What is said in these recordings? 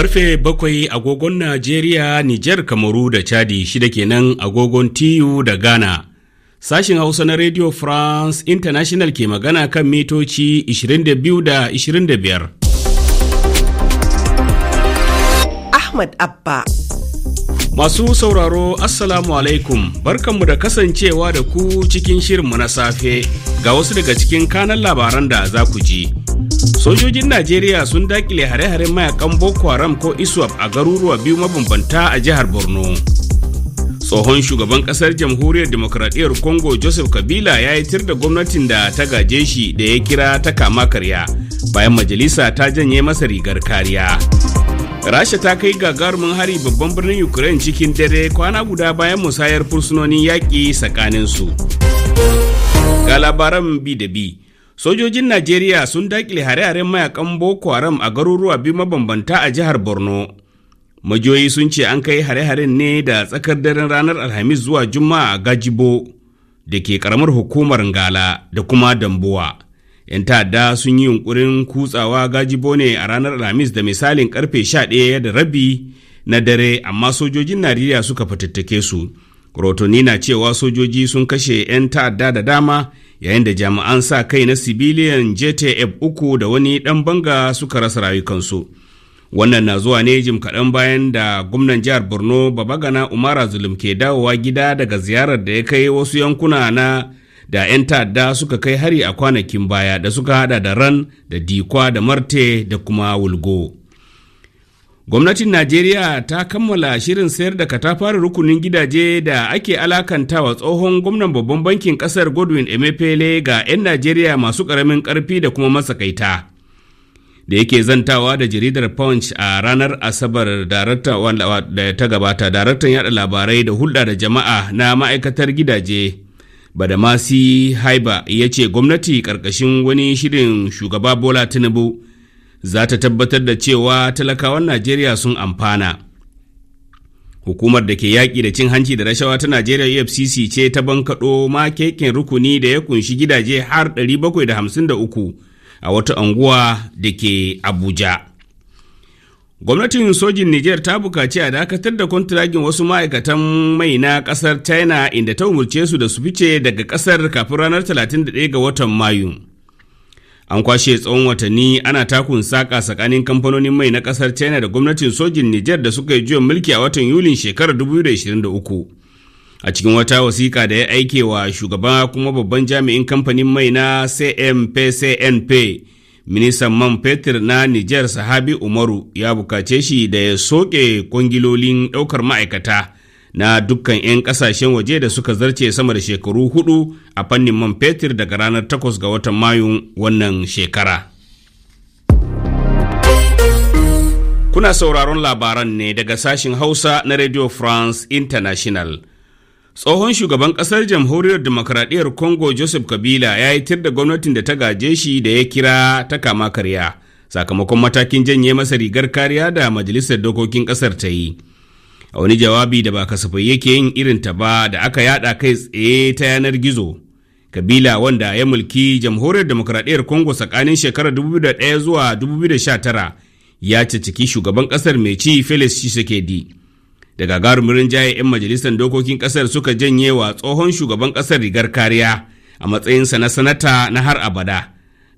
Karfe bakwai agogon Najeriya, Nijar, Kamaru da Chadi shida kenan agogon TU da Ghana. Sashin Hausa na Radio France International ke magana kan mitoci 22 da 25. Ahmad Abba Masu sauraro Assalamu alaikum barkanmu da kasancewa da ku cikin shirinmu na safe ga wasu daga cikin kanan labaran da za ku ji. sojojin najeriya sun dakile hare-haren mayakan boko haram ko iswap a garuruwa biyu mabambanta a jihar borno tsohon shugaban kasar jamhuriyar demokradiyyar congo joseph kabila ya yi tir da gwamnatin da ta gaje shi da ya kira ta kama karya bayan majalisa ta janye masa rigar kariya rasha ta kai gagarumin hari babban birnin ukraine cikin dare kwana guda bayan musayar fursunonin yaƙi tsakaninsu ga labaran bi da bi Sojojin Najeriya sun dakile hare-haren mayakan Boko Haram a garuruwa biyu mabambanta a jihar Borno. Majoyi sun ce an kai hare-haren ne da tsakar daren ranar Alhamis zuwa Juma'a a Gajibo da ke karamar hukumar Ngala da kuma Dambuwa. 'Yan ta'adda sun yi yunkurin kutsawa Gajibo ne a ranar Alhamis da misalin karfe 11 da rabi na dare amma sojojin Najeriya suka fatattake su. Rotoni na cewa sojoji sun kashe 'yan ta'adda da dama yayin da jami'an sa kai na sibiliyan jtf uku da wani ɗan banga suka rasa rayukansu wannan na zuwa ne jim kaɗan bayan da gwamnan jihar borno babagana umara zulum ke dawowa gida daga ziyarar da ya kai wasu yankuna na da 'yan ta'adda suka kai hari a kwanakin baya da suka hada da ran da dikwa da marte da kuma wulgo. Gwamnatin Najeriya ta kammala shirin sayar da katafaren rukunin gidaje da ake alakantawa tsohon gwamnan babban bankin kasar Godwin Emefiele ga 'yan Najeriya masu ƙaramin ƙarfi da kuma masakaita. Da yake zantawa da jaridar Punch a ranar Asabar da ta gabata, daraktan yada labarai da hulɗa da jama'a na ma'aikatar gidaje. Badamasi Haiba ya ce gwamnati karkashin wani shirin shugaba Bola Tinubu. za ta tabbatar da cewa talakawan najeriya sun amfana hukumar da ke yaƙi da cin hanci da rashawa ta najeriya efcc ce ta bankaɗo makekin rukuni da ya kunshi gidaje har ɗari bakwai da da hamsin uku a wata anguwa da ke abuja gwamnatin sojin niger ta bukaci a dakatar da kwantiragin wasu ma'aikatan mai na ƙasar china inda ta umarce su da su fice daga ƙasar kafin ranar 31 ga watan mayu an kwashe tsawon watanni ana takun saƙa tsakanin kamfanonin mai na ƙasar china da gwamnatin sojin nijar da suka yi juyan mulki a watan yulin shekarar 2023 a cikin wata wasiƙa da ya aike wa shugaba kuma babban jami'in kamfanin mai na cmpcnp ministan man fetur na nijar sahabi umaru ya bukace shi da ya soke kwangilolin ɗaukar ma'aikata na dukkan 'yan kasashen waje da suka zarce sama da shekaru hudu a fannin man fetur daga ranar 8 ga watan mayu wannan shekara. Kuna sauraron labaran ne daga sashin Hausa na Radio France International. Tsohon shugaban ƙasar jamhuriyar demokradiyyar Congo Joseph Kabila ya yi tir da gwamnatin da ta gaje shi da ya kira ta kama karya sakamakon matakin janye masa rigar kariya da majalisar dokokin ƙasar ta yi. a wani jawabi da ba kasafai yake yin irin ta ba da aka yada kai tsaye ta yanar gizo kabila wanda ya mulki jamhuriyar demokradiyyar congo tsakanin shekarar 2001 zuwa 2019 ya ciki shugaban kasar mai ci felix tshisekedi da gagarumin jaye 'yan majalisar dokokin kasar suka janye wa tsohon shugaban kasar rigar kariya a matsayinsa na sanata na har abada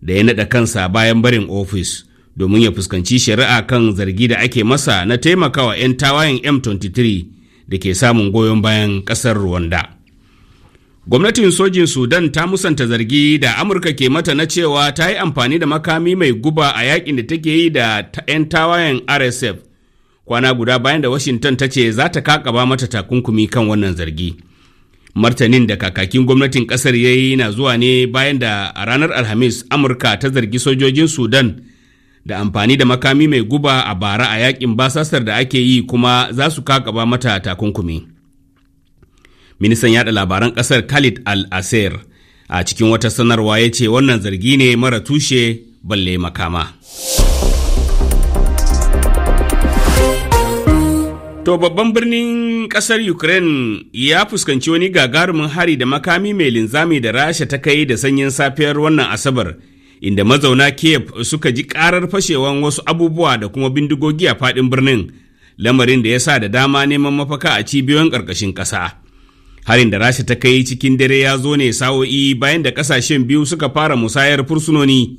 da ya naɗa kansa bayan barin ofis. domin ya fuskanci shari'a kan zargi da ake masa na taimakawa 'yan tawayen M23 da ke samun goyon bayan ƙasar Rwanda. Gwamnatin sojin Sudan ta musanta zargi da Amurka ke mata na cewa ta yi amfani da makami mai guba a yakin da take yi da 'yan tawayen RSF kwana guda bayan da Washington ta ce za ta kakaba mata takunkumi kan wannan zargi. martanin da kakakin gwamnatin kasar ya yi na zuwa ne bayan da a ranar alhamis amurka ta zargi sojojin sudan da amfani da makami mai guba a bara a yakin basasar da ake yi kuma za su kakaba mata takunkumi. Ministan yada labaran kasar Khalid Al-Asir a cikin wata sanarwa ya ce wannan zargi ne mara tushe balle makama. To babban birnin kasar Ukraine ya fuskanci wani gagarumin hari da makami mai linzami da rasha ta kai da sanyin safiyar wannan asabar. inda mazauna Kiev suka ji karar fashewan wasu abubuwa da kuma bindigogi a faɗin birnin, lamarin da ya sa da dama neman mafaka a cibiyoyin ƙarƙashin ƙasa. Harin da Rasha ta kai cikin dare ya zo ne sa'o'i bayan da ƙasashen biyu suka fara musayar fursunoni,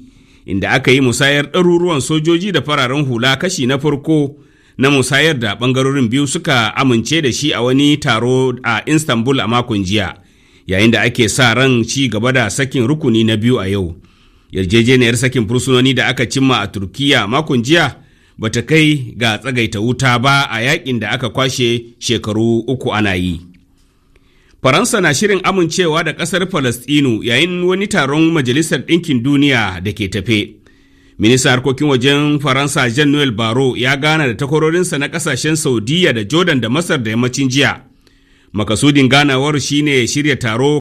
inda aka yi musayar ɗaruruwan sojoji da fararen hula kashi na farko na musayar da ɓangarorin biyu suka amince da shi a wani taro a Istanbul a makon jiya, yayin da ake sa ran ci gaba da sakin rukuni na biyu a yau. yarjejeniyar sakin fursunoni da aka cimma a turkiya makon jiya bata kai ga tsagaita wuta ba a yakin da aka kwashe shekaru uku ana yi faransa na shirin amincewa da ƙasar falasɗinu yayin wani taron majalisar ɗinkin duniya da ke tafe minista harkokin wajen faransa jean noel baro ya gana da takwarorinsa na kasashen saudiya da jordan da masar da yammacin jiya makasudin ganawar shine shirya taro